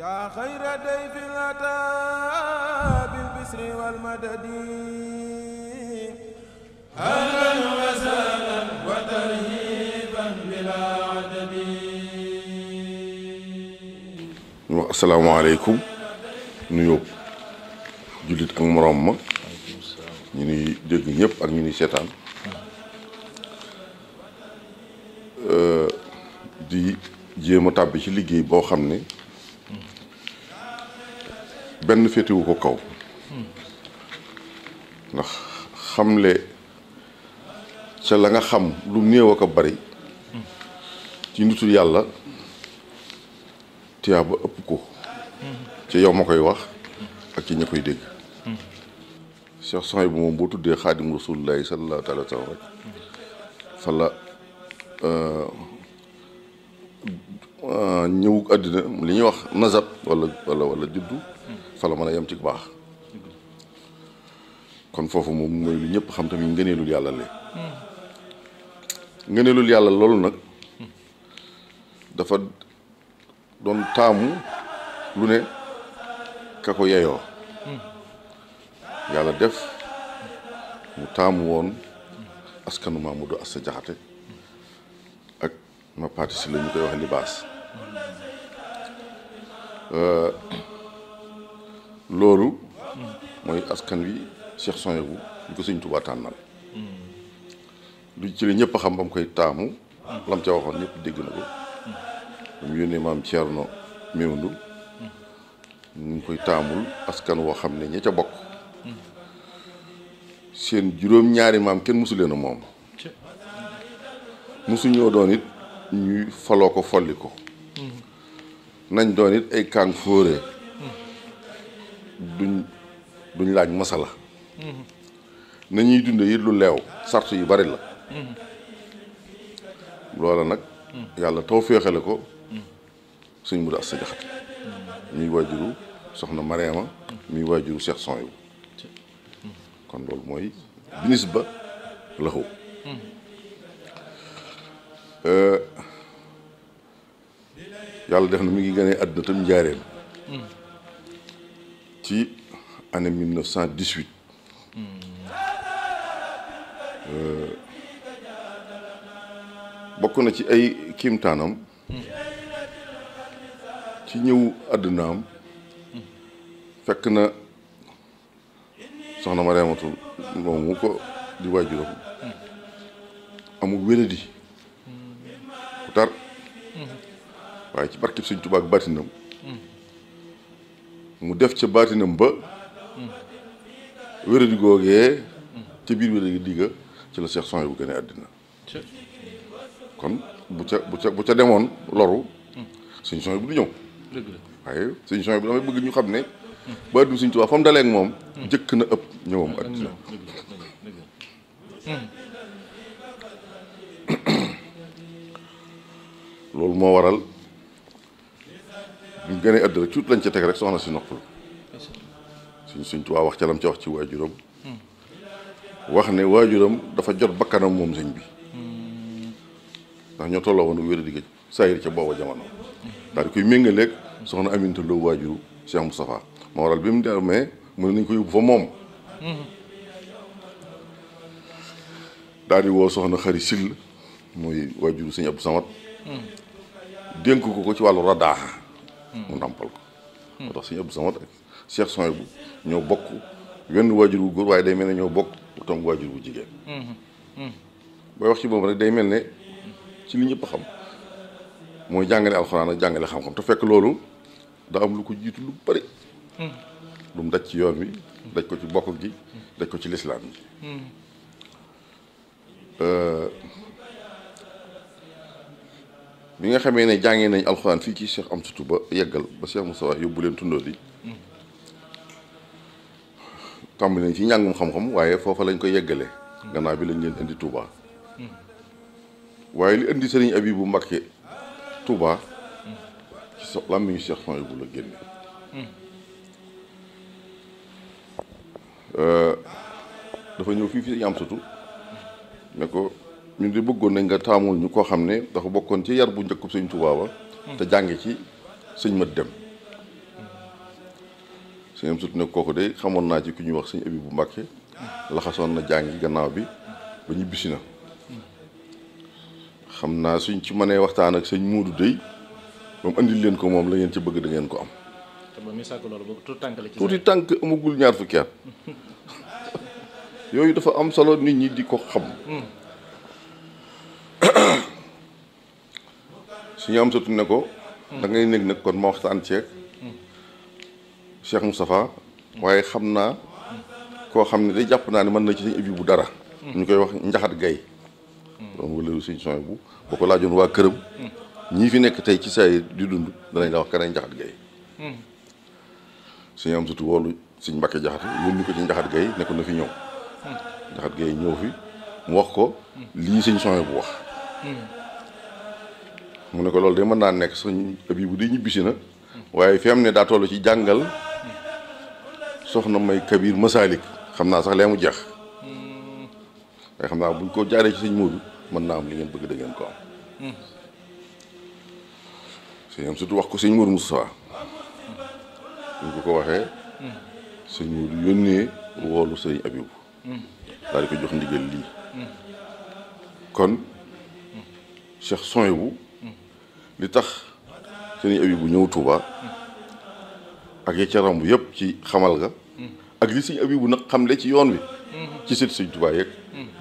yaa xayra dayfin ataa bil bisri wal madadi ahlan wa sahlan wa tarhiban bilaa adadi asalaamaaleykum nuyoo jullit ak moroom ma ñu nuy dégg ñëpp ak ñu nuy seetaan di jéem a tàbbi ci liggéey boo xam ne benn féetewu ko kaw ndax xamle ca la nga xam lu néew ak a bari ci nitu yàlla tiyaa ba ëpp ko ci yow ma koy wax ak ci ña koy dégg Cheikh Sohaibou bu moom boo tuddee xaadim rasulullahi sallallahu taala wa sallam rek fa la euh, euh, ñëwug àddina li ñuy wax nazab wala wala wala juddu fa la mën a yem ci baax kon foofu moom mooy lu ñëpp xam tamit ngëneelul yàlla yàlla loolu nag dafa doon taamu lu ne ka ko yeyoo yàlla def mu taamu woon askanu Mamadou Assa Jaxate ak ma parti si la koy wax libaas euh, loolu mooy askan wi Cheikh Souhaïbou ñu ko sëñ Tuubaa tànnal lu ci li ñëpp xam ba koy taamu lam ca waxoon ñëpp dégg na ko mu yónnee maam Thierno Mewndu ñu ngi koy taamul askan woo xam ne ña ca bokk seen juróom-ñaari maam kenn mosu moom mosu doon it ñuy faloo ko folli ko nañ doon it ay kàng fóore duñ duñ laaj masala na ñuy dundee it lu leew sart yu bari la loola nag yàlla taw féexale ko suñ mu daas sa jaxate muy waajuru soxna Mariama muy waajuru Cheikh yu kon loolu mooy binis ba laxu euh, yàlla def na mu ngi gën a àdduna tam njaareem ci année 1918 euh, bokk na ci ay kiimtaanam ci ñëw àddunaam fekk na soxna Mariamatu moom mu ko di waajuram amul wéradi ku tar waaye ci barkib Sëñ Tuubaa baatinam mu def ca baatinam ba wéradi googee ca biir wéradi digga ci la Cheikh Souhaïbou bu gënee àddina kon bu ca bu ca bu ca demoon loru Sëñ Souhaïbou bu du ñëw waaye Sëñ Souhaïbou bu damay bëgg ñu xam ne ba àddina Sëñ Tuubaa fa mu moom jëkk na ëpp ñëwam loolu moo waral ñu gën a ëdd rek tuut lañ ca teg rek soxna si noppalu suñ suñ Tuubaa wax ca lam ca wax ci waajuram wax ne waajuram dafa jot bakkanam moom sëñ bi ndax ñoo tolloo woon wér digg saayir ca booba jamono daal di koy méngaleeg soxna Aminta Lo waajuru Cheikh Moustapha moo waral bi mu demee mu ne nañ ko yóbbu fa moom daal di woo soxna xari sill mooy waajuru sëñ Abdou Samad dénk ko ko ci wàllu radaaxa mu hmm. nàmpal ko hmm. moo tax suñu ëpp samat ak Cheikh Sonia bu ñoo bokk wenn waajur wu góor waaye day mel ne ñoo bokk tom waajur wu jigéen hmm. booy wax ci boobu rek day mel ne ci li ñëpp xam mooy jàngale alxuraan ak jàngale xam-xam te fekk loolu daa am lu ko jiitu lu bari lu mu daj ci yoon wi daj ko ci bokk gi daj ko ci lislaam gi euh, bi nga xamee ne jàngee nañ alxuraan fii ci am sutu ba yeggal ba Cheikh Moussa wax yóbbu leen tundoo di tàmbali nañ ci njàngum xam-xam waaye foofa lañ koy yeggalee gannaaw bi lañ leen indi Touba waaye li indi Serigne Abibou Mbacké Touba ci sa làmmiñu Cheikh Fane bu la génne euh, dafa ñëw fii fi Serigne Amsatou ne ko ñu di bëggoon nañ nga taamul ñu koo xam ne dafa bokkoon ci yar bu njëkkub sëñ Tuubaa ba hmm. te jànge ci sëñ Mat Dem sëñ am sut ne kooku de xamoon naa ci ku ñuy wax sëñ Abibu Mbàkke laxasoon na jàngi gannaaw bi ba ñibbisi na xam naa suñ ci mënee waxtaan ak sëñ Muudu dey ba mu andil leen ko moom la ngeen ci bëgg dangeen ko am tuuti tànk amagul ñaar fukki at yooyu dafa am solo nit ñi di ko xam hmm. suñu am satu ne ko da ngay nekk nag kon ma waxtaan ceeg Cheikh Moustapha waaye xam naa koo xam ne day jàpp naa ne mën na ci sañ bu dara mm. ñu koy wax njaxat gay doon mm. wala suñ son bu boo ko laajoon waa këram mm. ñii fi nekk tey ci saa di dund danañ la wax kanay njaxat gay suñu ko ci njaxat gay ne ko na fi ñëw njaxat gay ñëw fi mu wax ko lii suñ son bu wax mu ne ko loolu de mën naa nekk suñ Abibu di ñibbisi na waaye fi am ne daa toll ci jàngal soxna may Kabir Masalik xam naa sax lee mu jeex waaye xam naa buñ ko jaaree ci sëñ Moodu mën naa am li bëgg da ngeen ko am sëñ am surtout wax ko ko ko waxee sëñ Moodu yónnee woolu sëñ Abibu daal di ko jox ndigal lii kon Cheikh Souhaïbou li tax sëriñ Abibu ñëw Touba ak ya romb yëpp ci xamal ga ak li sëriñ Abibu nag xamle ci yoon wi ci sët sëriñ Touba yeeg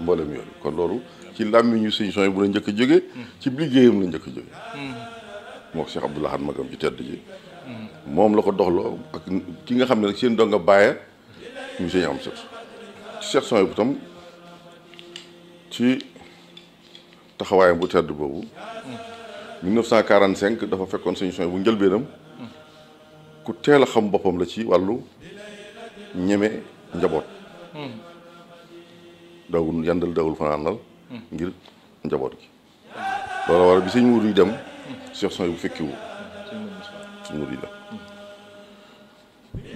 mboolem yoon kon loolu ci làmmiñu sëriñ Souhaïbou la njëkk a jóge ci liggéeyam la njëkk a jóge moo Cheikh moom la ko doxloo ak ki nga xam ne rek seen donga bàyya mu sëriñ am sët Cheikh Souhaïbou tam ci taxawaayam bu tedd boobu dafa fekkoon sëñ Souhaïbou bu njëlbeenam ku teel a xam boppam la ci wàllu ñeme njaboot dawul yandal dawul fanaanal ngir njaboot gi loolu war bi sëñ muur yi dem Cheikh Souhaïbou bu fekkiwu sëñ muur yi dem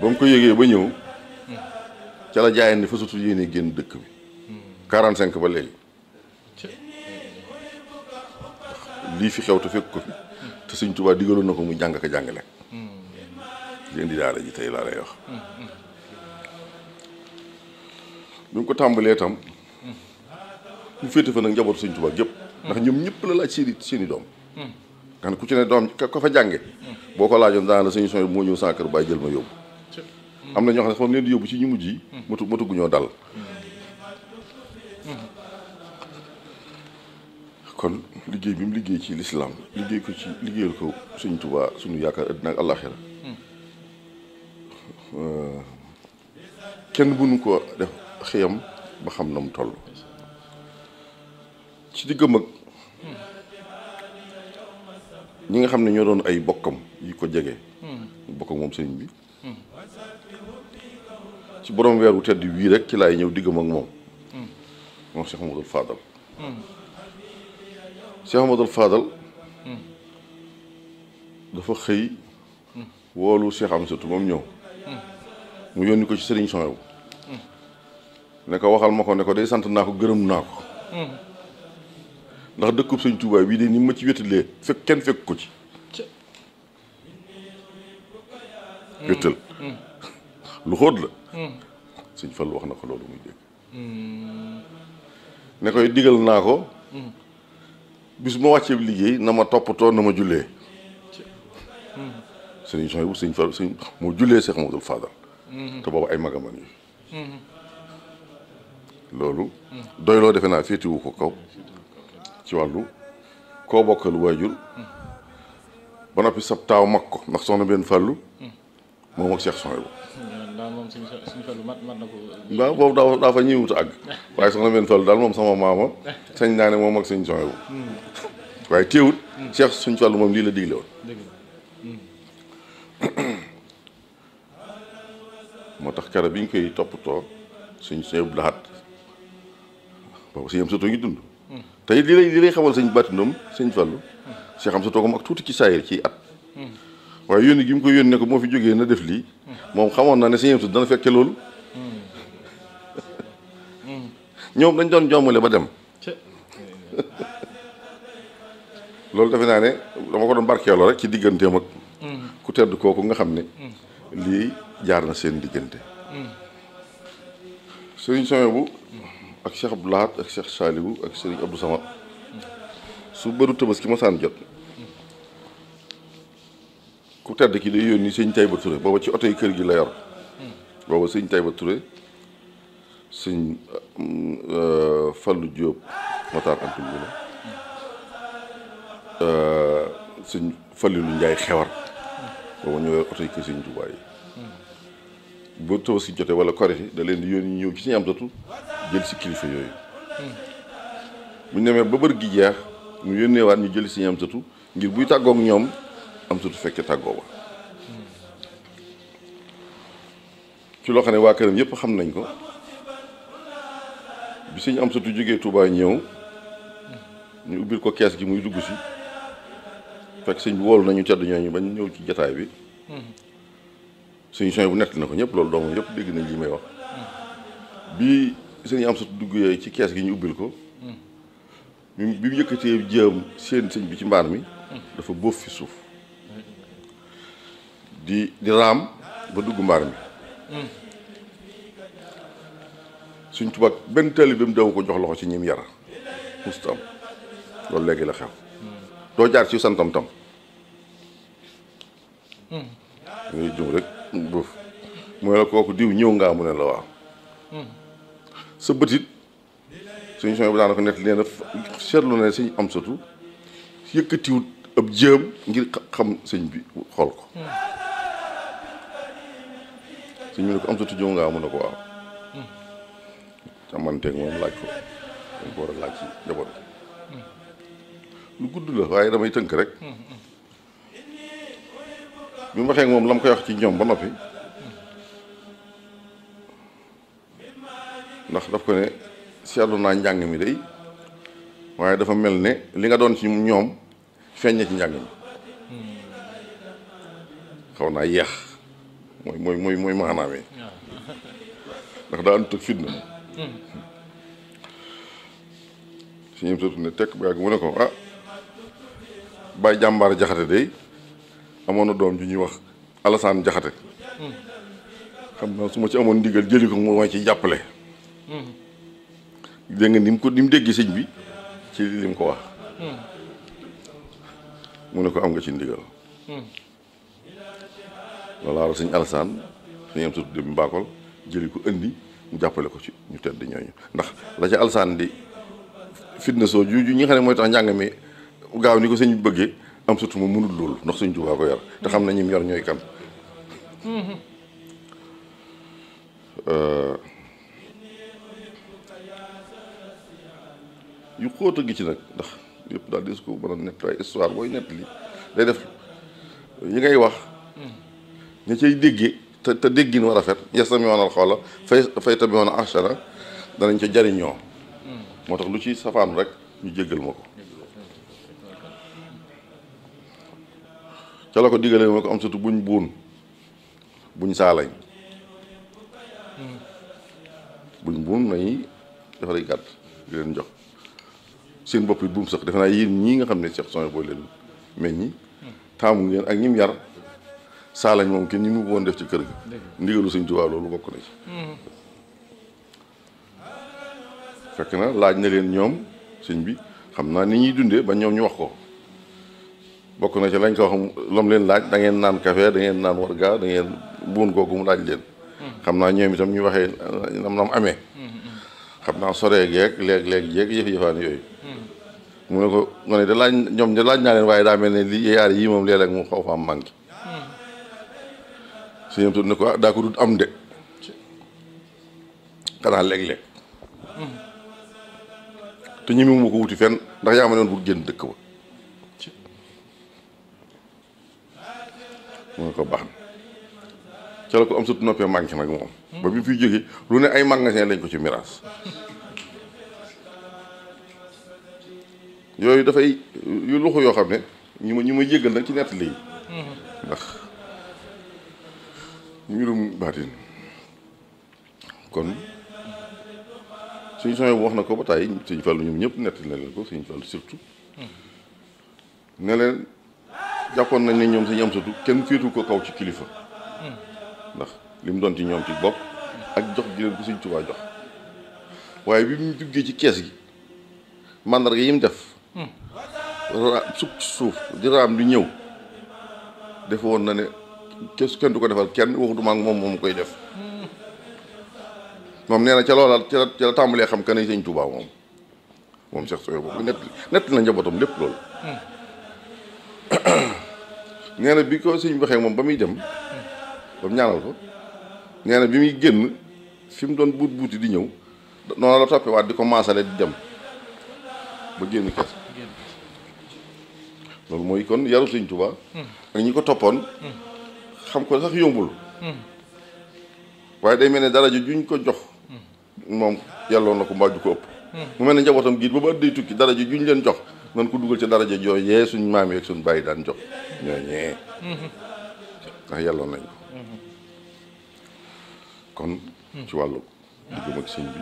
ba mu ko yëgee ba ñëw ca ni fa sutu yéene génn dëkk bi 45 ba léegi lii fi xew te fekk ko fi te sëñ Tuubaa digaloon na ko muy jàng ka jàngale di indi daara ji tey laa lay wax bi ko tàmbalee tam mu féete fa nag njabootu sëñ Tuubaa gépp ndax ñoom ñëpp la laaj seeni seeni doom nga ku ci ne doom ka fa jànge boo ko laajoon daana sëñ son moo ñëw sa kër bàyyi jël ma yóbbu am na ñoo xam ne foofu leen di yóbbu ci ñu mujj yi matu matugu ñoo dal kon liggéey bi mu liggéey ci lislaam liggéey ko ci liggéeyal ko sëñ Tuubaa suñu yaakaar àddina ak àllaaxira kenn mënu ko def xiyam ba xam na mu toll ci diggam ak ñi nga xam ne ñoo doon ay bokkam yi ko jege bokkam moom sëñ bi ci borom weer wu tedd wii rek ci laay ñëw diggam ak moom moom Cheikh Mamadou Fadal Cheikh Amadou Fadal hmm. dafa xëy woolu Cheikh Amsatou moom ñëw hmm. mu yónni ko ci Serigne Sow hmm. ne ko waxal ma ko ne ko day sant naa ko gërëm naa ko ndax dëkkub Sëñ Tuubaa bii de ni ma ci wétalee fekk kenn fekk ko ci wétal lu xóot la Sëñ Fallu wax na ko loolu muy dégg ne koy digal naa ko bis ma wàccee liggéey na ma toppatoo na ma jullee hmm. sëñ Sonia bu sëñ Fall sëñ moo jullee Cheikh Mamadou Fadal hmm. te boobu ay magaman yu hmm. loolu doy defe naa féetiwu ko kaw ci wàllu koo bokkal waajur ba noppi sab taaw mag ko ndax soxna benn fàllu moom ak Cheikh bu daal moom suñu suñu na ko. waaw boobu daa daa fa ñuy wut àgg waaye soxna benn fàllu daal moom sama maama sañ naa ne moom ak suñu sooyewu. Hmm. waaye teewut. Hmm. Cheikh moom lii la digle hmm. tax keroog bi koy toppatoo suñu sooy bu laxat boobu ngi dund. te it li lay li lay xamal sëñ bàttindoom sëñ fàllu Cheikh am sa toogam ak tuuti ci saayir ci at. waaye yi gi mu ko yónni ne ko moo fi jógee na def lii. moom xamoon na ne si ñëwtu dana fekke loolu ñoom dañ doon jommale ba dem loolu defe naa ne dama ko doon barkeeloo rek ci digganteem ak ku tedd kooku nga xam ne lii jaar na seen diggante sëriñ Sowe bu ak Cheikh Abdou Lahad ak Cheikh Saliou ak sëriñ Abdou Samad su bëru Tabaski masaan jot ku tedd ki day yónni sëñ Taïba Touré booba ci oto yi kër gi la yor booba ba Taïba Touré sëñ euh, Fallou Diop Matar Antum bi la euh, sëñ Fallilu Njaay xewar booba ñoo yor oto yi kër sëñ Tuubaa yi bu Tabaski jotee wala Korite da leen di yónni ñëw ci suñu am datu jël si kilifa yooyu bu ñu ba bër gi jeex mu yónneewaat ñu jël si suñu am datu ngir buy tàggoog ñoom am sutu fekkee tàggoo ba ci loo xam ne waa këram yëpp xam nañ ko bi suñu am sutu jógee Touba ñëw ñu ubbil ko kees gi muy dugg si fekk sëñ bi woolu nañu tedd ñooñu bañ ñëw ci jataay bi suñu son bu nekk na ko ñëpp loolu doomu yëpp dégg nañ li may wax bi sëñ am sutu dugg yooyu ci kees gi ñu ubbil ko mm. bi mu yëkkatee jëm sëñ bi ci mbaar mi mm. dafa bóof fi suuf di di raam ba dugg mbaar mi hmm. suñ tubaab benn bim daw ko jox loxo ci ñim yar mustam loolu léegi la xew hmm. do jaar ci santam tam ngay hmm. jum rek buuf mu ne la kooku diw ñëw ngaa mu ne la waaw sa bëtit suñ soñ bi daanaka net nee na ne suñ am satu yëkkatiwut ab jëm ngir xam sëñ bi xool ko si ñu ne ko am satu jow ngaa mun a ko waaw hmm. amanteeg moom laaj ko dañ ko hmm. waaye damay tënk rek hmm, bi mu waxee moom lam mu koy wax ci ñoom ba noppi ndax daf ko ne seetlu naa njàng mi day waaye dafa mel ne li nga doon ci ñoom feeññe ci njàng mi xaw naa yeex mooy mooy mooy mooy maanaam yi ndax daa àndut ak fitna si ñëpp mu ne ko ah bàyyi jàmbaar jaxate day amoon na doom ju ñuy wax Alassane jaxate xam naa su ma ci amoon ndigal jëli ko moo ma ci jàppale dégg nim ko ni mu déggee bi ci li mu ko wax hmm. mu ne ko am nga ci ndigal hmm. wala sëñ Alassane suñu am surtout dem Mbakol jëli ko indi mu jàppale ko ci ñu tedd ñooñu ndax la ca Alassane di fitna soo ju ñi nga xam tax njàng mi gaaw ni ko sëñ bëggee am surtout mu mënul loolu ndax suñ jubaa ko yar te xam na ñim yor ñooy kan mm-hmm. euh, yu xóota gi ci nag ndax yëpp daal dis ko mën histoire day def ngay wax ñu cay déggee te te déggin war a rafet yastami'uuna al-qawla fayattabi'uuna ahsanah danañ ca jariñoo hmm. moo tax lu ci safaan rek ñu jéggal ma ko ca la ko diggalee moo ko am surtout buñ buun buñ saalañ hmm. buñ buun may defaray gàtt di leen jox seen bopp yi buum sax defe naa yéen ñii nga xam ne Cheikh Souhaïbou booy leen meññi hmm. taamu ngeen ak ñim yar saalañ moom ki ñi mu woon def ci kër gi ndigalu sëñ Tuubaa loolu bokk na ci fekk na laaj na leen ñoom sëñ bi xam naa ni ñuy dundee ba ñoom ñu wax ko bokk na ci lañ ko xam lam leen laaj da ngeen naan café da ngeen naan warga da ngeen buun kooku mu laaj leen hmm. xam naa ñoom itam ñu waxee nam nam amee hmm, hmm, xam naa soree geeg léeg-léeg jeeg yëf-yëfaan yooyu mu ne ko nga ne da laaj ñoom da laaj naa leen waaye daa mel ne li yaar yi moom léeg mu xaw fa am manqué suñu am ne ko ah, daa ko dut am de xanaa léeg-léeg te ñi mu ko wuti fen ndax yaa ma ne woon bu génn dëkk ba mu ne ko baax na ca la ko am sut noppee manqué nag moom ba bi mu fiy jógee lu ne ay magasin lañ ko ci miraas yooyu dafay yu luxu yoo xam ne ñu ma ñu ma yëgal nag ci nettali yi ndax mbirum baatin kon wax na ko ba tàyyi suñu ñëpp nett na leen ko suñu fàllu surtout nañ ne ñoom kenn féetu ko ci kilifa ndax mu doon ci ñoom ci bopp ak jox gi ko suñ tubaa jox waaye bi mu duggee ci kees gi màndarga yi mu def hmm. suuf di raam di ñëw def woon na ne te kenn du defal kenn waxutuma ak moom moom koy def moom nee na ca loola ca la xam kan ay sëñ Touba moom moom Cheikh Souhaïbou boobu nett nett na njabootam lépp loolu. nee na bi ko sëñ waxee moom ba muy dem. ba mu ñaanal ko nee na bi muy génn fi doon buut buuti di ñëw noonu la toppewaat di ko maasale di dem ba génn kees. loolu mooy kon yaru sëñ Touba. ak ñi ko toppoon. xam ko sax yombul. waaye day mel ni dara ji juñ ko jox. moom yàlloo na ko mbaa ju ko ëpp. mu mel ni njabootam giit ba ba day tukki dara ji juñ leen jox nan ko dugal ci dara ji yooyee suñ maam yeeg suñ bàyyi daan jox ñooñee. ndax yàlloo nañ kon. ci wàllu diggam ak sëñ bi.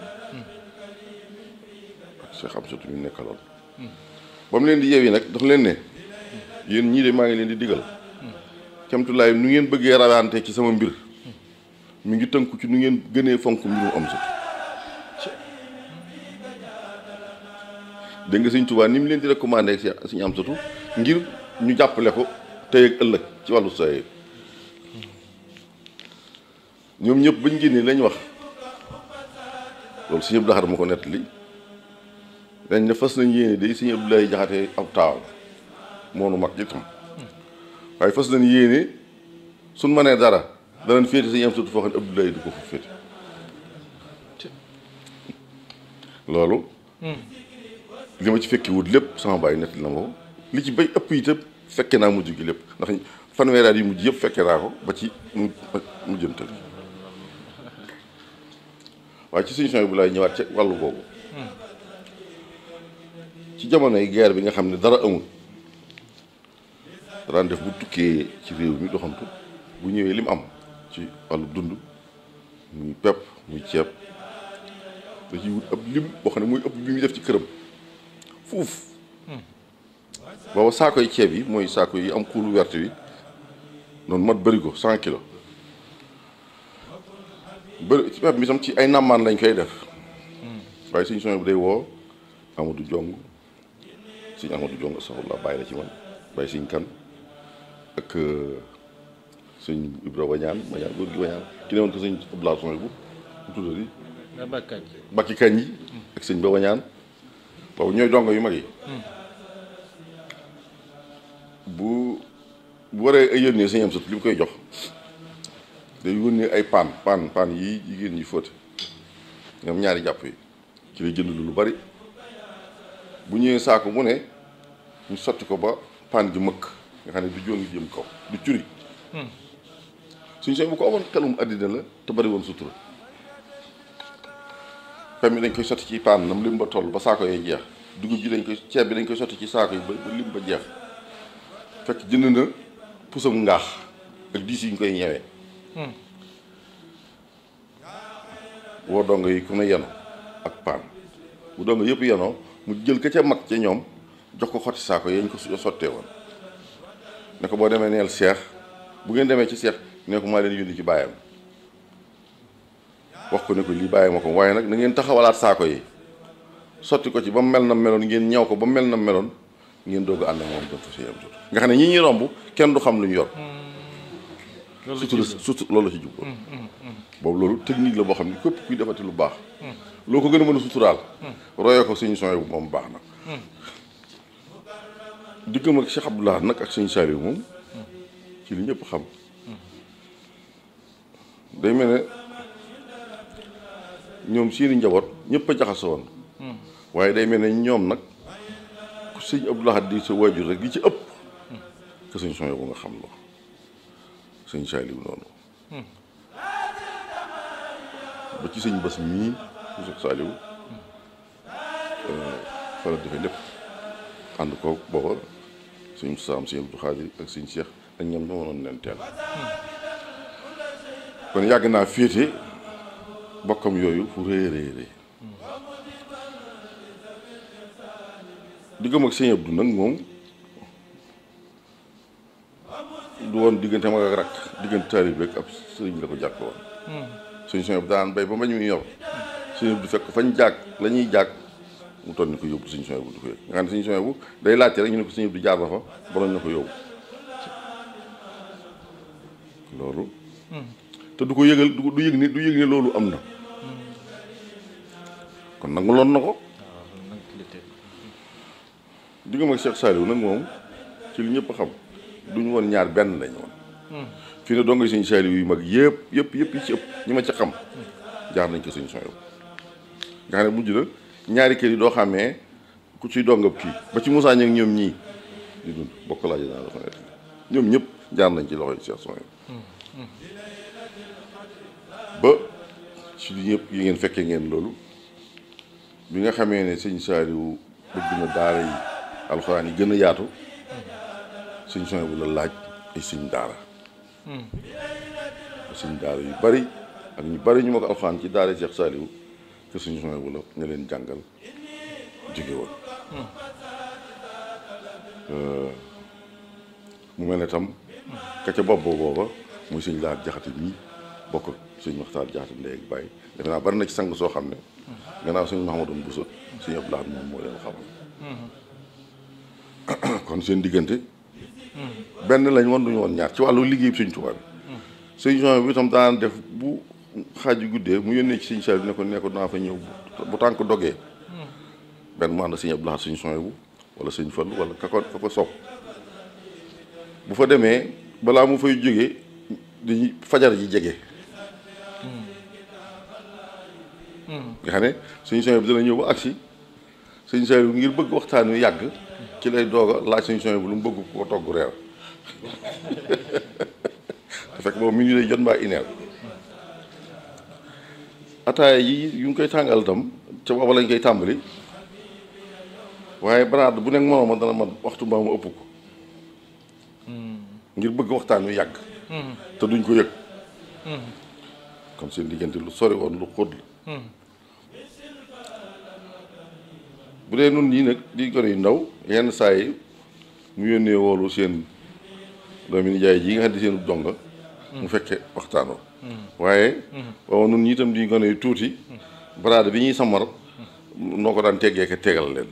ak xam surtout ñu nekkaloon. ba mu leen di yeewi nag daf leen ne. ñii de maa ngi leen di digal. kemtulaay nu ngeen bëggee rawante ci sama mbir mi ngi tënku ci nu ngeen gënee fonk mbirum am sut dégg nga sëñ Tuubaa ni mu leen di recommandé suñu am satu ngir ñu jàppale ko tey ak ëllëg ci wàllu say ñoom ñëpp bañ génnee lañ wax loolu sëñ Abdou Lahad ma ko nettali dañ ne fas nañ yéene day sëñ Abdoulaye Jaxate ab taaw moonu mag ji tam waaye fas na yéene suñ mënee dara danañ féete sañu am sutu foo xam ne Abdoulaye du ko fa féete loolu li ma ci fekki wut lépp sama bàyyi nett la ma ko li ci bay ëpp itam fekke naa mujj gi lépp ndax fanweeraat yi mujj yëpp fekke naa ko ba ci mujjantal waaye ci suñu sooy bu laay ñëwaat ci wàllu boobu hmm. ci jamonoy guerre bi nga xam ne dara amul daan def bu tukkee ci réew mi doxantu bu ñëwee li am ci wàllu dund muy pepp muy ceeb da ciy wut ab lim boo xam ne muy ëpp bi muy def ci këram fuuf booba saako yi ceeb yi mooy saako yi am kuulu wert bi noonu mat bëri ko cent kilo bëri ci pepp mi tam ci ay nàmmaan lañ koy def waaye suñ sooy bu day woo du Jong suñu Amadou Jong saxul la bàyyi la ci man bàyyi suñ kan ak sëñ Ibra Wañaan Wañaan góor Ba Wañaan boobu ñooy dongo yu mag yi. Hmm. bu bu waree ay yónnee sëñ am sët li mu koy jox day yónnee ay paan paan paan yi jigéen ñi fóote ñoom ñaari jàpp yi ci lay jënd lu bari bu ñëwee saako mu ne ñu sotti ko ba paan gi mëkk. nga xam ne du jóngi jëm kaw du curi suñu sëñ bu ko amoon xelum àddina la te bari sutura pem bi dañ koy sotti ci paan nam lim ba toll ba saako yee jeex dugub ji dañ koy bi dañ koy sotti ci saako yi ba lim ba jeex fekk jënd na pusam ngaax ak diis yi ñu koy ñewee woo dongo yi ku ne yeno ak paan bu dongo yëpp yenoo mu jël ka ca mag ca ñoom jox ko xotti saako yañ ko sottee woon ne ko boo demee neel seex bu ngeen demee ci seex ne ko maa leen yónni ci baayam wax ko ne ko lii bàyyi ma ko waaye nag na ngeen taxawalaat saako yi sotti ko ci ba mu mel na meloon ngeen ñaw ko ba mu mel na meloon ngeen doog a ànd ak moom doon nga xam ne ñi ñuy romb kenn du xam lu ñu yor. surtout hmm. hmm. surtout loolu la ci jublu hmm. boobu loolu technique la boo xam ne képp kuy defati lu baax. loo ko gën a mën a suturaal. royee ko suñu son bu moom baax na. diggam ak Cheikh Abdoulaye nag ak sëñ Saliou moom ci li ñëpp xam day mel ne ñoom seeni njaboot ñëpp a jaxasoo waaye day mel ne ñoom nag ku sëñ Abdoulaye di sa waajur rek li ci ëpp que sëñ bu nga xam la sëñ Saliou noonu ba ci sëñ Bass mii su sëñ Saliou euh, fa la defee ànd ko booba suñ saam suñu Abdou Khadir ak suñu Cheikh ak ñoom leen teel yàgg naa féete bokkam yooyu fu rëy rëy rëy du woon diggante mag ak rakk diggante taalibe ak ab sëriñ la ko hmm. daan bay ba ma ñu yor sëñ Abdou fekk fañ jàkk la ñuy jàkk mu toll ni ko yóbbu suñu sooy bu di ko yëg nga xam ne suñu sooy bu day laajte rek ñu ne ko suñu du jaar na ko yóbbu loolu te du ko yëgal du yëg ni du yëg loolu am na kon nangu loon na ko diggam ak Cheikh Saliou nag moom ci li ñëpp xam duñu woon ñaar benn lañu woon fi ne doo nga suñu Saliou yu mag yëpp yëpp yëpp yi ci ëpp ma ci xam jaar nañ ko suñu sooy bu nga xam ne mujj na ñaari kër yi doo xàmmee ku ciy dongab kii ba ci Moussa ñoom ñoom ñii di dund bokk laa jël naa la ñoom ñëpp jaar nañ ci loxoy Cheikh Souhaïbou ba si ñëpp yi ngeen fekkee ngeen loolu bi nga xamee ne sëñ Saliou bëgg na daara yi alxuraan yi gën a yaatu sëñ Souhaïbou la laaj ay sëñ daara hmm. sëñ daara yu bari ak ñu bari ñu ma ko alxuraan ci daara Cheikh Saliou que suñu sooy wala ña leen jàngal jóge euh, mel ne tam ka ca bopp booba muy suñ suñ waxtaan jaxate ndey ak bàyyi na ci sang soo xam ne kon seen diggante benn lañ woon duñu woon ñaar ci wàllu liggéey bi suñ tubaab bi suñ sooy bi tam daan def bu xaaju guddee mu yónnee ci sëñ Saaliw ne ko ne ko naa fa ñëw bu tànk dogee benn mu ànd ak sëñ Abdou Lahad sëñ Sohaybu wala sëñ Fall wala ka ko ka ko sopp bu fa demee balaa mu fay jóge dañuy fajar ji jege. nga xam ne sëñ Sohaybu bi dana ñëw ba agsi sëñ Saaliw ngir bëgg waxtaan wi yàgg ci lay doog a laaj sëñ Sohaybu bu lu mu bëgg ko togg reer te fekk boobu mi ngi lay jot mbaa ineer ataaya yi yu ngi koy tàngal itam ca booba lañ koy tàmbali waaye baraad bu nekk morooma dana man waxtu mbaa mu ëpp ko hmm. ngir bëgg waxtaan wi yàgg hmm. te duñ ko yëg comme seen diggante lu sori woon lu xóot la hmm. bu dee nun ñii nag di gone yu ndaw yenn saa yi mu yónnee woolu seen doomi nijaay ji nga xam ne seen donga mu fekke waxtaanoo waaye waaw nun ñi tam di gone yu tuuti baraada bi ñuy samar noo ko daan teggee tegal leen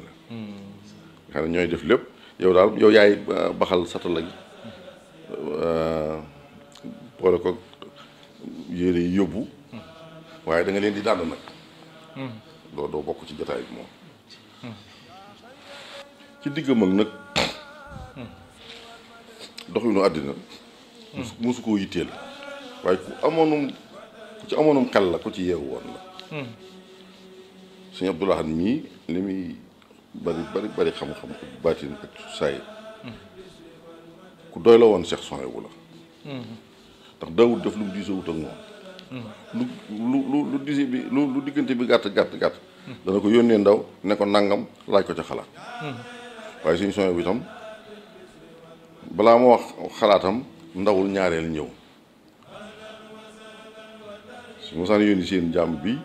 xam ne ñooy def lépp yow daal yow yaay euh, baxal satala gi euh, boole ko yére yi yóbbu waaye da leen di dànd nag doo doo bokk ci jotaay bi moom ci diggam ak nag àddina musu waaye ku amoonum ku ci amoonum xel la ku ci yeewu woon la hmm. sëñ Abdou mii li muy bari bari bari xam-xam ak baatin ak saay hmm. ku doy la woon Seex Sohaybu la hmm. ndax daawut def lu mu diisoo wut ak moom lu lu lu disi bi lu diggante bi gàtt gàtt gàtt dana ko yónnee ndaw ne ko nangam laaj ko ca xalaat waaye sëñ Sohaybu itam balaa moo wax xalaatam ndawul ñaareel ñëw su ma saan yónni seen jàmm bii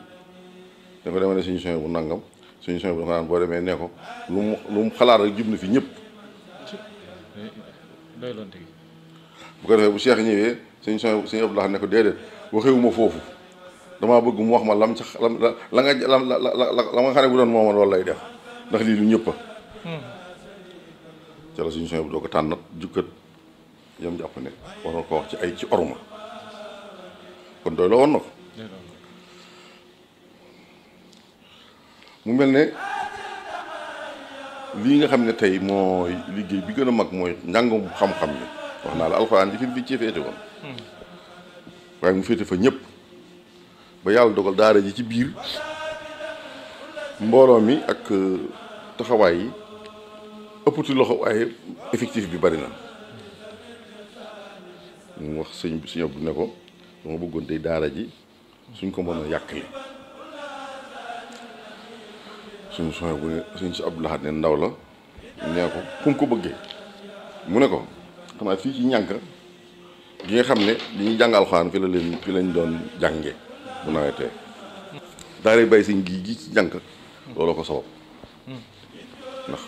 da ko suñu soñ bu nangam suñu soñ bu dafa boo demee ne ko lu mu lu mu xalaat rek jub na fi ñëpp bu ko defee bu Cheikh ñëwee suñu soñ suñu ëpp laa ne ko déedéet waxewuma foofu damaa bëgg mu wax ma lam ca lam la nga la la nga xam ne bu doon mooma loolu lay def ndax lii lu ñëpp a ca la suñu soñ bu doo ko tànnat jukkat yam jàpp ne war ko wax ci ay ci orma kon doy la woon na ko mu mel ne lii nga xam ne tey mooy liggéey bi gën a mag mooy njàngum xam-xam ni wax naa la alxuraan li fi bi ci féete woon waaye mu féete fa ñëpp ba yàlla dogal daara ji ci biir mbooloo mi ak euh, taxawaay yi ëppati loxo waaye effectif bi bari na mu wax sëñ bi sëñ bu ne ko dama bëggoon day daara ji suñ ko mën a yàqale suñu soxna bu ne suñ si Abdou Lahad ne ndaw la nee ko fu ko bëggee mu ne ko xanaa fii ci ñànk gi nga xam ne li ñuy jàng alxuraan fi la lañ doon jànge bu nawetee daara bay si gi gi ci ñànk loolu ko sabab ndax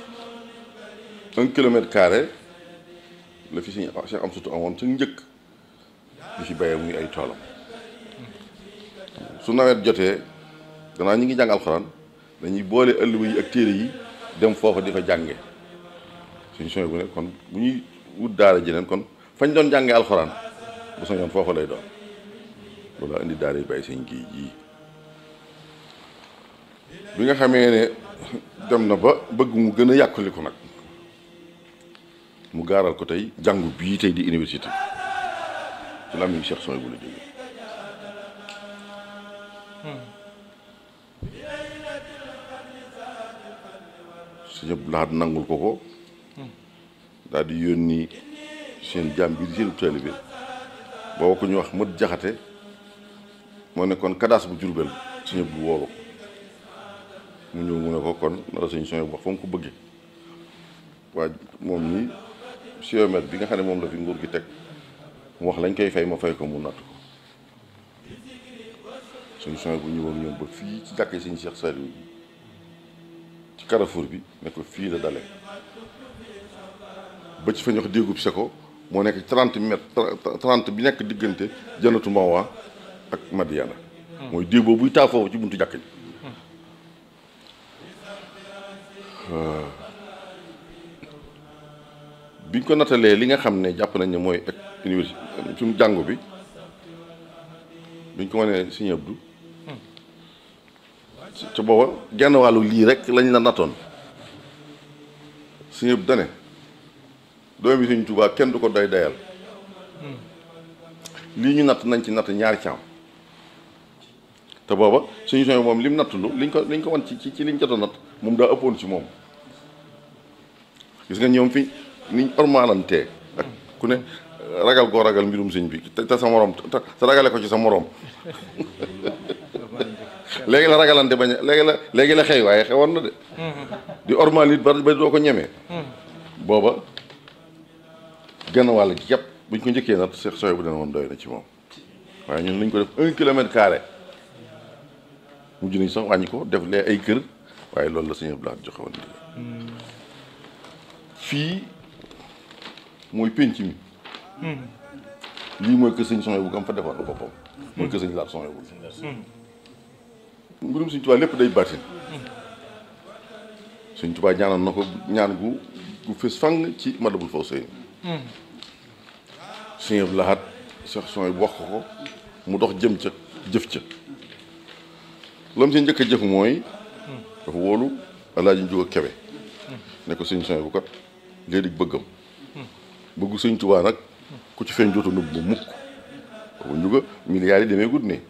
un kilomètre carré la fi siñ Cheikh am sutu amoon suñ njëkk di fi bayee muy ay toolam su nawet jotee danaa ñu ngi jàng alxuraan dañuy boole ëllëg yi ak téere yi dem foofa di fa jànge suñu sooy bu ne kon bu ñuy wut daara jeneen kon fañ doon jànge alxuraan bu soñoon foofa lay doon loolu indi daara yi bàyyi seen kii ji bi nga xamee ne dem na ba bëgg mu gën a yàqali ko nag mu gaaral ko tey jàngu bii tey di université ci la am yu bu la jógee hmm. sëñ Abdou Lahad nangul ko ko daal di yónni seen jaam bi di seen taalibe bi booba ko ñu wax mët jaxate moo nekkoon kadaas bu Jurbel sëñ Abdou woo mu ñëw mu ne ko kon nara sëñ sëñ wax fa mu ko bëggee waaye moom nii siomètre bi nga xam ne moom la fi nguur gi teg mu wax lañ koy fay ma fay ko mu natt ko sëñ sëñ bu ñëwoon ñoom ba fii ci dàkk sëñ Cheikh Saliou carrefour bi ne ko fii la dale ba fa ñox déegub seko moo nekk trente mètres trente bi nekk diggante janatu Mawa ak Madiana hmm. mooy déeg boobu buy taa foofu ci buntu jàkk ji hmm. biñ ko nattalee li nga xam ne jàpp nañ ne mooy université suñu jàngu bi biñ ko mënee Sëñ te booba genn wàllu lii rek lañ la nattoon suñu dane doomi Sëñ Tuubaa kenn du ko doy doyal lii ñu natt nañ ci natt ñaari caam te booba suñu sooy moom lim natt lu liñ ko liñ ko wan ci ci liñ jot natt moom daa ëppoon ci moom gis nga ñoom fi niñ ormaalantee ak ku ne ragal goo ragal mbirum sëñ bi te sa morom te ragale ko ci sa moroom léegi la ragalante bañ léegi la léegi waaye xewoon na de di ormal it ba doo ko ñemee booba genn wàll yëpp bu ñu ko njëkkee nag Cheikh bu dana woon doy na ci moom waaye ñun nañ ko def un kilomètre carré mujj nañ sax wàññi ko def lee ay kër waaye loolu la suñu blaat joxe woon fii mooy penc mi hmm. lii mooy kër sëñ Sow bu fa defoon boppam mooy kër sëñ laat Sow bu mbirum Sëñ Tuubaa lépp day baatin Sëñ Tuubaa ñaanoon na ko ñaan gu gu fës fang ci Matlabul Fawzayni Sëñ Abdou Lahad section yi wax ko mu dox jëm ca jëf ca lam ci njëkk a jëf mooy dafa wóolu Alaaji Njuga Kebe ne ko sëñ Soñ bu kat léegi bëggam bëggu Sëñ Tuubaa nag ku ci feeñ jootu nëbb mu mukk boobu njuga milliards yi demee gudd ne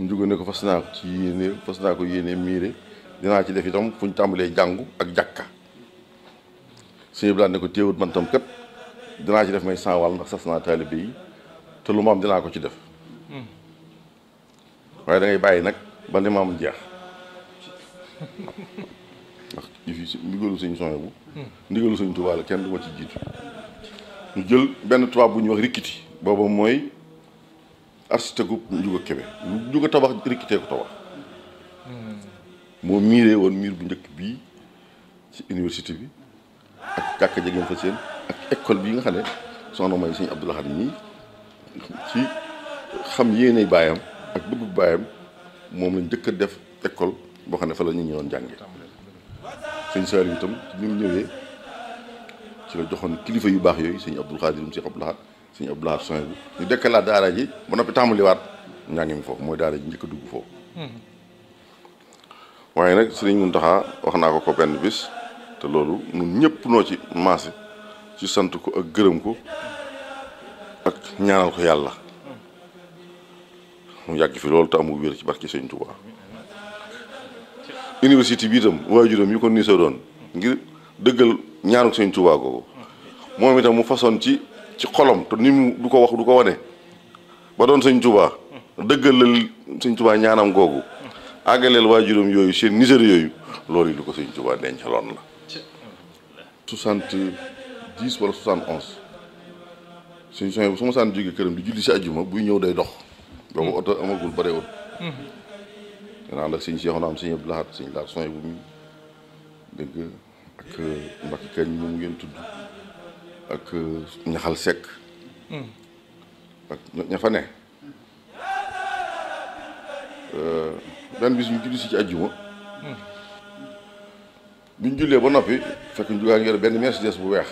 njuga ne ko fas naa ko ci yéene fas naa ko yéene miire dinaa ci def itam fu ñu tàmbalee jàngu ak jàkka suñu bilaat ne ko téewut man tam kat dinaa ci def may sanwal ndax sas naa taalibe yi te lu ma am dinaa ko ci def hmm. waaye da bàyyi nag ba li ma am jeex ndax fi ndigalu suñu soné bu hmm. ndigalu suñu tubaab kenn du ma ci jiitu ñu jël benn tubaab bu ñuy wax rikkiti booba mooy architecte gu Ndiouga Kébé Ndiouga tabax rikkitee ko tabax moo miiree woon miir bu njëkk bii ci université bi ak jàkka jegeen fa seen ak ecole bii nga xam ne soxna may sëñ Abdou Lahad nii ci xam yéene baayam ak bëggu baayam moom lañ njëkk a def école boo xam ne fa la ñu ñëwoon jànge sëñ Saliou itam ñi mu ñëwee ci la joxoon kilifa yu baax yooyu sëñ Abdou Khadir mu sëñ Abdou suñu ëpp laat soin bi ñu dëkkalaat daara ji ba noppi tàmbaliwaat njàng mi foofu mooy daara ji njëkk a dugg foofu. Mm-hmm. waaye nag Sëriñ Muntaxa wax naa ko ko benn bis te loolu ñun ñëpp noo ci maase ci sant ko ak gërëm ko ak ñaanal ko yàlla. mu yàgg fi loolu te amul wér ci barki Sëriñ Tuubaa université bi itam waajuram yi ko nii sa doon ngir dëggal ñaanu Sëriñ Tuubaa googu moom itam mu façon ci ci xolom te ni mu du ko wax du ko wane ba doon sëñ Tuubaa dëggalal sëñ Tuubaa ñaanam googu àggaleel juróom yooyu seen niser yooyu loolu yi lu ko sëñ Tuubaa dencaloon la. 70 10 wala 71 suñu sooy su ma saan jógee këram di julli si àjjuma buy ñëw day dox. boobu oto amagul bëreewul. dinaa ànd ak sëñ Cheikh am sëñ Abdou Lahad sëñ Laat sooy bu muy dégg ak Mbacke Kañ moom ngeen tudd. ak ñaxal sekk hmm. ak ña ya? fa eh, ne benn bis ñu julli si ci ajjuma biñ jullee ba noppi fekk ñu yor benn mercedes bu weex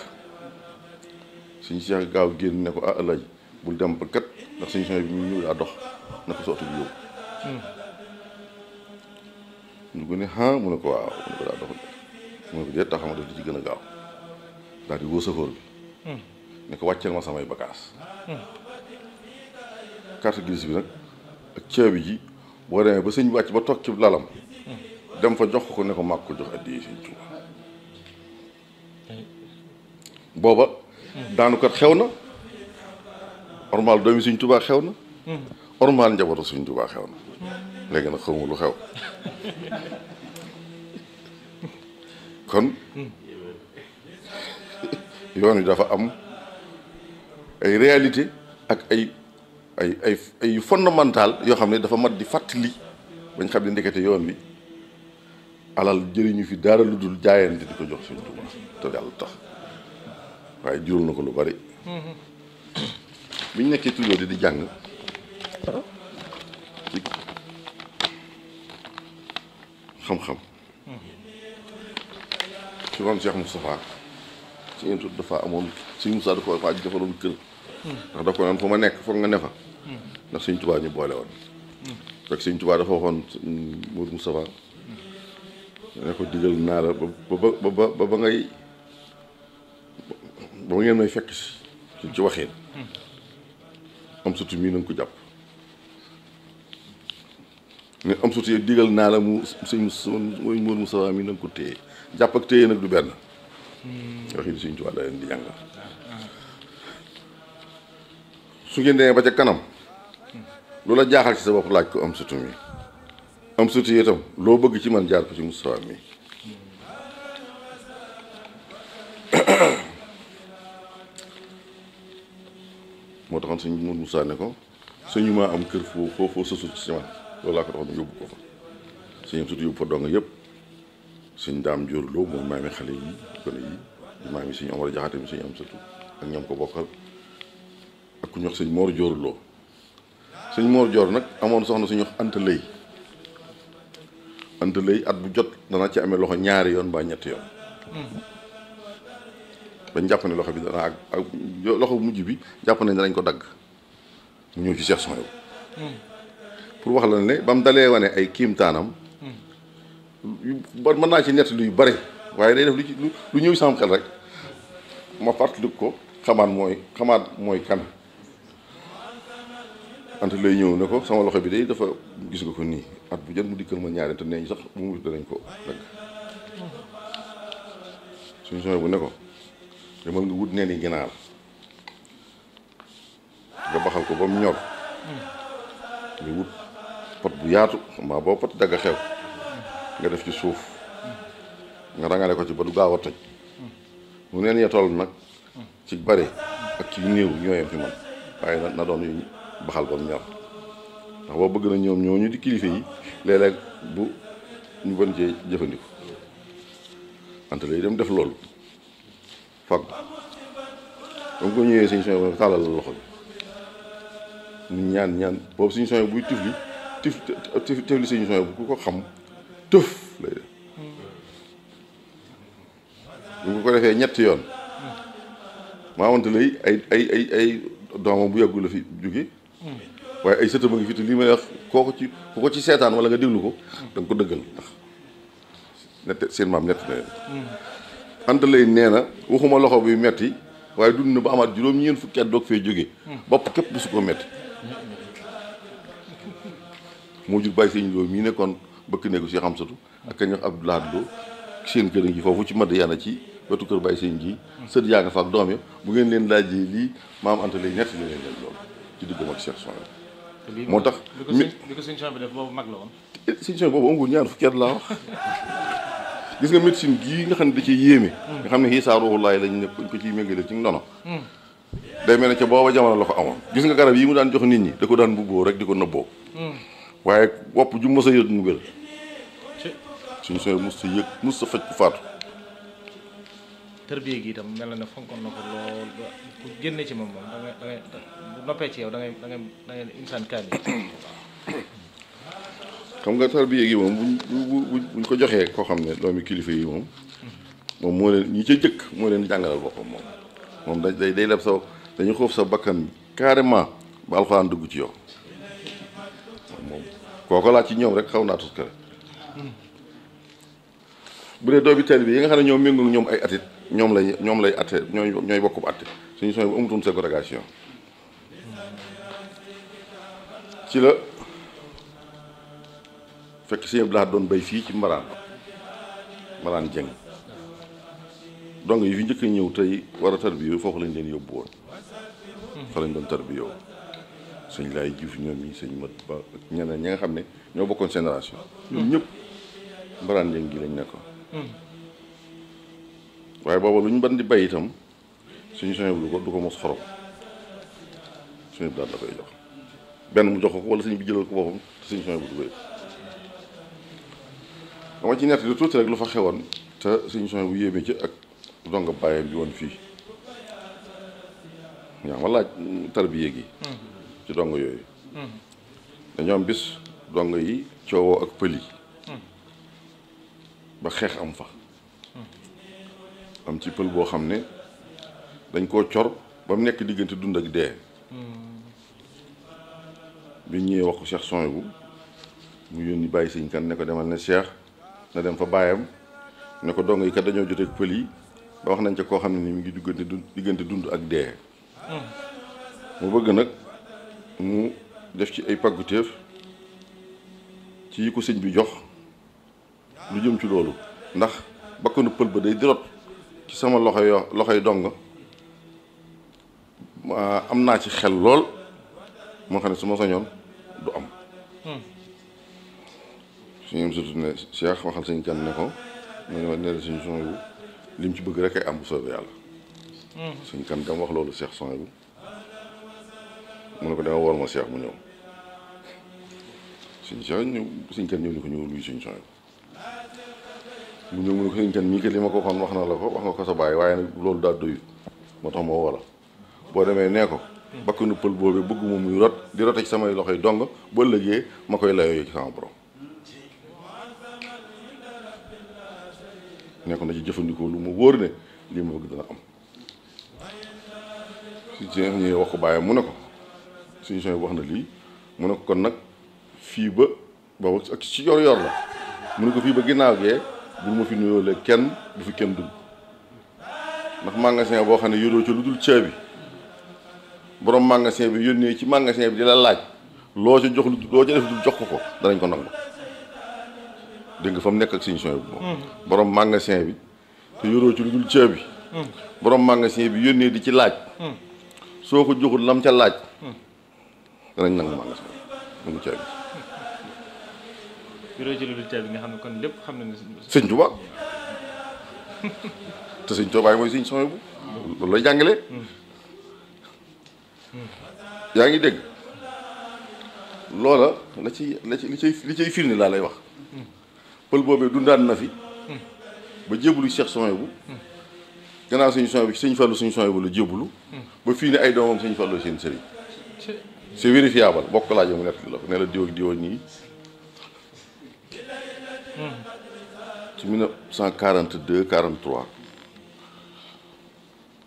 suñu seex gaaw génn ne ko ah alaaji bul dem ba kat ndax suñu seex bi mu ñëw daa dox na ko sootu bi yóbbu ñu ko ne mu ne ko waaw mu ne ko dox mu ne ko taxama di ci gën gaaw daal di bi ne ko wàcceel ma samay bagages. carte grise bi nag ak caabi ji boo demee ba sëñ wàcc ba toog ci lalam. dem fa jox ko ne ko màgg jox addiya sëñ Tuuba booba. daanu xew na. ormal doomi sëñ Tuuba xew na. ormal njabootu sëñ Tuuba xew na. léegi nag xawma lu xew kon. yoon wi dafa am ay réalité ak ay ay ay ay yoo xam ne dafa mat di fàttali bañ xam ne ndekete yoon wi alal jëriñu fi dara lu dul jaayante di ko jox suñu Tuubaa te yàlla tax waaye jural na ko lu bari biñ nekkee tuddoo di di jàng hmm. ci xam-xam ci ron Cheikh Moustapha ci intut dafa amoon suñu Moussa dafa waa ji defaloon ma nekk foog nga ne fa ndax suñ ñu boole woon rek suñ tubaa dafa waxoon Mour Moustapha naa la ba ba ba ba ngay ba ci waxin am sutu mii na ko jàpp ne am sutu digal naa la mu suñ Mour mu mii na nga ko téye jàpp ak téye nag du benn waxin suñ ci wàll leen di jàngal su ngeen dee ba ca kanam lu la jaaxal ci sa bopp laaj ko am sutu mi am sutu yi itam loo bëgg ci man jaar ko ci Moustapha mi moo taxoon suñ mu Moussa ne ko suñu maa am kër foo foo foo sësut ci man loolu laa ko taxoon yóbbu ko suñu am sutu yóbbu fa dong yëpp suñ daam jóorloo mooy maami xale yi gone yi maami suñu Omar Jaxate mi suñu am satu ak ñoom ko bokkal ak ku ñu wax suñ moor jóorloo suñ moor joor nag amoon soxna suñu wax anta lëy anta at bu jot dana ci amee loxo ñaari yoon ba ñetti yoon bañ jàpp ne loxo bi dana ak ak loxo mujj bi jàpp nañ danañ ko dagg mu ñëw ci Cheikh Souhaïbou hmm. pour wax la ne ba mu dalee wane ay kiimtaanam ba mën naa ci nett lu yu bëri waaye day def lu lu ñëw sama xel rek ma fàttaliku ko xamaat mooy xamaat mooy kan ante lay ñëw ne ko sama loxo bi day dafa gis nga ko nii at bu jot mu dikkal ma ñaari te nee ñu sax bu mu danañ ko dagg suñu sooy bu ne ko demal nga wut neeni ginaar nga baxal ko ba mu ñor hmm. nga wut pot bu yaatu xam nga boo pot dagg xew nga def ci suuf nga rangale ko ci ba du gaaw a toj mu neen ya toll nag ci bari ak ci néew ñooyam fi man waaye na doon yu baxal ba mu ndax boo bëgg na ñoom ñoo ñu di kilifa yi léeg-léeg bu ñu bon cee jëfandiko wante lay dem def loolu fag ba ko ñëwee suñu sooy tàllal la loxo bi ñaan ñaan boobu suñu sooy buy tifli tif tifli suñu sooy bu ku ko xam tëf lay def bu nga ko defee ñetti yoon maamante lay ay ay ay ay doomam bu yàggul la fi jóge waaye ay sëtam a ngi fi te lii may wax kooku ci ko ci seetaan wala nga déglu ko da ko dëggal ndax nett seen maam nett na leen anta lay nee na waxuma loxo bi metti waaye dund na ba amaat juróom ñeen fukki at doog fee jóge bopp képp bu su ko metti moo jur bàyyi seen juróom ñi nekkoon bëkk néegu si xamsatu ak kañ wax Abdoulaye Lo seen kër ngi foofu ci Madiyana ci wetu kër Baye seen ji sët yaa nga fa ak doom ya bu ngeen leen laajee lii maam Anta lay ñett ñu leen leen loolu ci diggam ak Cheikh Souhaïbou moo tax mi bi boobu mag la woon eh, sëñ Souhaïbou boobu amul ñaar fukki at laa wax gis nga médecine gii nga xam ne da ci yéeme hmm. nga xam ne xiisaa ruuxulaay lañ nekk ko ciy méngale ci ndono hmm. day mel ne ca booba jamono la ko amoon gis nga garab yi mu daan jox nit ñi da ko daan mbubboo rek di ko nëbboo hmm. waaye wopp ju a suñu sooy mos sa yëg mos sa faj ku faatu. tërbiye gi itam mel na ne na ko lool bu génnee ci moom moom da ngay da ngay insaan kaamil xam nga tarbiya gi moom buñ buñ buñ ko joxee koo xam ne doomi kilifa yi moom moom moo leen ñi ca moo leen jàngalal boppam moom moom da day day leb sa dañu xoof sa bakkan carrément ba alxuraan dugg ci yow moom kooko laa ci ñoom rek xaw naa tuskare bu dee doomi teel bi yi nga xam ne ñoom méngoo ñoom ay atit ñoom lay ñoom lay atte ñooy ñooy bokkub atte suñu sooy bu amutoon ségrégation ci la fekk si yëpp doon bay fii ci mbaraan mbaraan jëng donc yi fi njëkk ñëw tey war a tarbiyo foofu lañ leen yóbbu woon fa lañ doon tarbiyo sëñ lay juuf ñoom yi sëñ mat ba ñeneen ñi nga xam ne ñoo bokkoon génération ñoom ñëpp mbaraan jëng gi lañ ne ko Hmm. waaye booba lu ñu ban di bay itam suñu sëñ bu ko du ko mos xorom suñu daal la koy jox benn mu jox ko wala suñu bi jëlal ko boppam te suñu sëñ bu du bay dama ci nett di tuuti rek lu fa xewoon te suñu sëñ bu yéeme ci ak donga bàyyam bi woon fii ñaa ma laaj tarbiye gi hmm. ci dong yooyu hmm. dañoo am bis dong yi coowoo ak pël yi ba xeex am fa am ci pël boo xam ne dañ koo cor ba mu nekk diggante dund ak dee bi ñuy waxu ko Cheikh Sooy bu mu yónni bàyyi sëñ kan ne ko demal ne Cheikh na dem fa baayam ne ko dong yi kat dañoo jotee pël yi ba wax nañ ca koo xam ne nii mu ngi diggante dund diggante dund ak dee mu bëgg nag mu def ci ay pàggutéef ci yi ko sëñ bi jox lu jëm ci loolu ndax bakkanu pël ba day dirot ci sama loxo yo loxoy dong am naa ci xel lool moo xam ne su ma sañoon du am hmm. suñu surtout ne Cheikh waxal kan ne ko ne ne suñu son bu lim ci bëgg rek ay am bu soobee yàlla hmm. suñ kan dama wax loolu seex son bu mu ko dama wool ma Cheikh mu ñëw suñ Cheikh ñëw suñ ni ko ñëw luy suñ son bu mu ñëw mu ne ko ma ko waxoon wax na la ko wax nga ko sa bàyyi waaye nag loolu daal doyut moo tax ma woo la boo demee nee ko bakkanu pël boobu bëgg mu muy rot di rote ci samay loxoy dong ba ëllëgee ma koy layoo ci sama borom nekk na ci jëfandikoo lu mu wóor lii ma wax ko bàyyi mu wax na lii mu ne ko kon nag fii ba boobu ak ci yor yor la mu ne ko fii ba ginnaaw gee bu ma fi nuyoolee kenn du fi kenn dugg ndax magasin boo xam ne yoroo ci lu dul caabi borom magasin bi yónnee ci magasin bi di la laaj loo ci jox lu loo ci dul jox ko ko danañ ko nangu dégg nga fa mu nekk ak suñu boroom mm-hmm. borom magasin bi te yoroo ci lu dul caabi mm-hmm. borom magasin bi yónnee di ci laaj. Mm-hmm. soo ko joxul lam ca laaj. danañ nangu magasin bi nangu caabi. juróom ci bi nga xam ne lépp xam nañ ne sëñ Tuubaa te sëñ Tuubaa mooy sëñ Sohaybu loolu lay jàngale yaa ngi dégg loola la ci la ci li cay li laa lay wax pël boobee dundaan na fi ba jébbalu Cheikh Sohaybu gannaaw sëñ Sohaybu sëñ Fallu sëñ Sohaybu la jébbalu ba fii ne ay doomam sëñ Fallu seen sëriñ c'est vérifiable bokk laa jëm nett la ne la diw ak nii ci 1942 43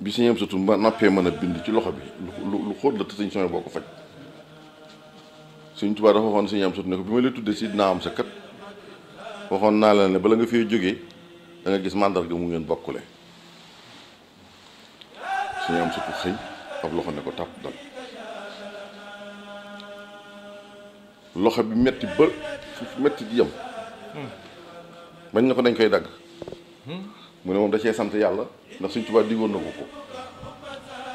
bi sëñ am surtout ma nappee mën a bind ci loxo bi lu lu xóot la te sëñ Souhaïbou boo ko faj sëñ Tuubaa dafa waxoon sëñ am surtout ne ko bi ma lay tuddee si dinaa am sa kat waxoon naa la ne bala nga fee jóge danga nga gis màndarga mu ngeen bokkule sëñ am surtout xëy ab loxo ne ko tàpp dal loxo bi metti ba metti di yem bañ na ko dañ koy dagg mu ne moom da cee sant yàlla ndax suñ tubaab diggoon na ko ko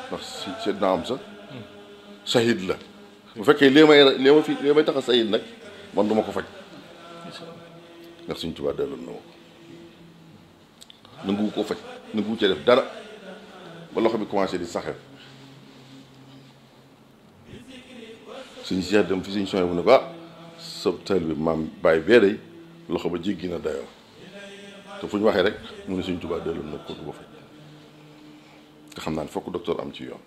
ndax si Seydina Hamza sahid la bu fekkee lée may lée ma may tax a sahid nag man du ko faj ndax suñ tubaab delloon na ma ko nangu ko faj nangu cee def dara ba loxo bi commencé di saxew suñ seex dem fi suñ sone bu ne ko ah sa taal bi maam bàyyi bee day loxo ba jéggi na dayoo te fu ñu waxee rek mu ne suñ tubaab delloo na ko du ko te xam naa ne fokk docteur am ci yoon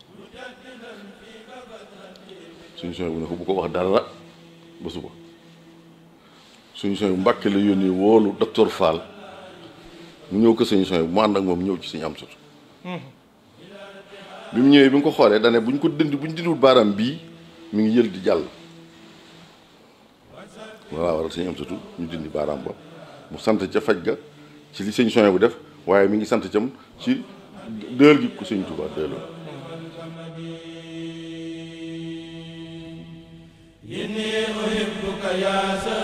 suñu sooy bu ne ko bu ko wax dara ba suba suñu sooy bu mbàkke la yónni woolu docteur Fall mu ñëw ko suñu sooy bu mu ànd ak moom ñëw ci suñu am sut bi mu ñëwee bi nga ko xoolee dane bu ñu ko dindi bu ñu dindiwul baaraam bii mi ngi yël di jàll laa waral sëñ am satu ñu dindi baaraam ba mu sant ca faj ga ci li sëñ soñé bu def waaye mi ngi sant cam ci dël gi ko sëñ Tuubaa dëloo